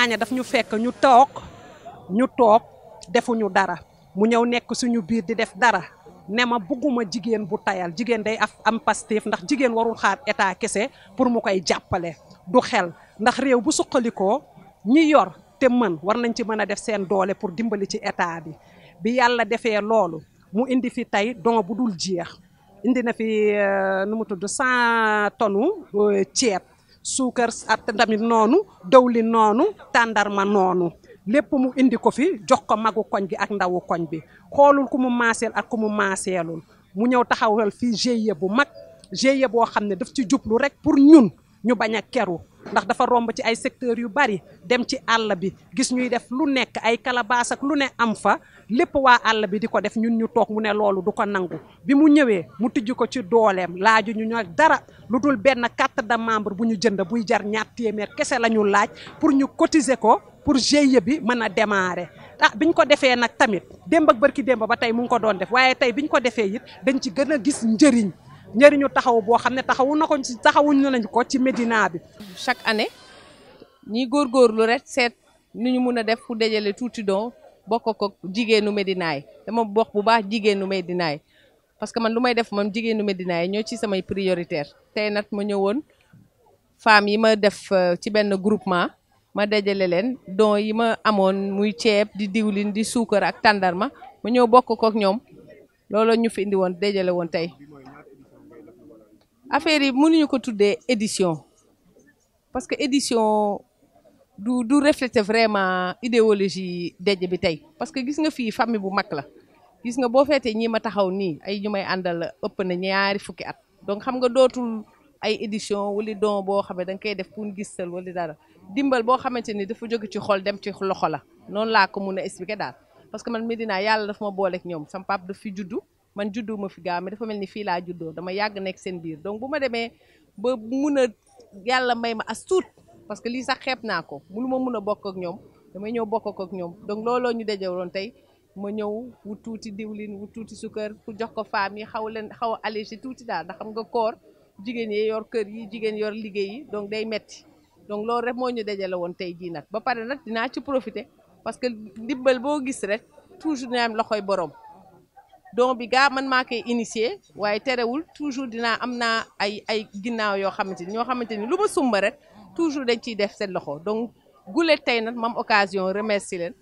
ñaaña daf ñu fekk ñu toog ñu toog defuñu dara mu ñëw nekk suñu biir di def dara ne ma bugguma jigéen bu tayal jigéen day af am Pastef ndax jigéen warul xaar état kese pour mu koy jàppale du xel ndax réew bu suqalikoo ñi yor te mën war nañ ci mën a def seen doole pour dimbali ci état bi bi yàlla defee loolu mu indi fi tey don bu dul jeex indi na fi euh, nu mu tudd cent tonnes euh, ceeb suukar at tamit noonu dawlin noonu tàndarma noonu lépp mu indi ko fi jox ko magu koñ gi ak ndawu koñ bi xoolul ku mu maaseel ak ku mu maaseelul mu ñëw taxawal fii GIE bu mag GIE boo xam ne daf ci jublu rek pour ñun ñu bañ a keru ndax dafa romb ci ay secteurs yu bari dem ci àll bi gis ñuy def lu nekk ay kalabaas lu ne am fa lépp waa àll bi di ko def ñun ñu toog mu ne loolu du ko nangu bi mu ñëwee mu tijj ko ci dooleem laaju ñu ñoo dara lu dul benn carte de bu ñu jënd buy jar ñaar téeméer kese la ñu laaj pour ñu cotiser ko pour GIE bi mën a démarrer ah biñ ko defee nag tamit démb ak bërki démb ba tey mu ngi ko doon def waaye tey bi ñu ko defee it dañ ci gën a gis njëriñ njëriñu taxaw boo xam ne taxawu na ko ci taxawuñu nañ ko ci Médina bi. chaque année góor góorgóorlu rek seet nu ñu mun a def fu dajale tuuti don bokk ko jigéenu Médina yi dama bokk bu baax jigéenu Médina yi parce que man lu may def man jigéenu Médina yi ñoo ci samay prioritaire tey nag ma ñëwoon femmes yi ma def euh, ci benn groupement. ma dajale leen don yi ma amoon muy ceeb di diwlin di suukar ak tàndarma ma ñëw bokk kook ñoom loolu ñu fi indi woon dajale woon tey affaire yi mënuñu ko tuddee édition parce que édition du du refléter vraiment idéologie dëj bi tey parce que gis nga fii famille bu mag la gis nga boo feetee ñii ma taxaw nii ay ñu may àndal ëpp na ñaari fukki at donc xam nga dootul ay édition wala don boo xam ne da nga koy def pour gisal wala dara dimbal boo xamante ni dafa jóge ci xool dem ci loxo la noonu laa ko mun a expliquer daal parce que man Medina yàlla daf ma booleek ñoom sam pap daf juddu man juddoo ma fi gaa mi dafa mel ni fii laa juddoo dama yàgg nekk seen biir donc bu ma demee ba mun a yàlla may ma as tuut parce que lii sax xeeb naa ko munu ma mun a bokk ak ñoom damay ñëw bokk ko ak ñoom donc looloo ñu dajewoon tey ma ñëw wu tuuti diwlin wu tuuti sukkar pour jox ko femme yi xaw leen xaw a allégé tuuti daal ndax xam nga koor jigéen yi yor kër yi jigéen yor liggéey donc day metti donc loolu rek moo ñu dajale woon tey jii nag ba pare nag dinaa ci profité parce que ndimbal boo gis rek toujours dina am loxoy borom. donc bi gaa man maa koy initier waaye terewul toujours dinaa am naa ay ay ginnaaw yoo xamante ni ñoo xamante ni lu ma sumba rek toujours dañ ciy def seen loxo donc gulet tey nag mam occasion remercier leen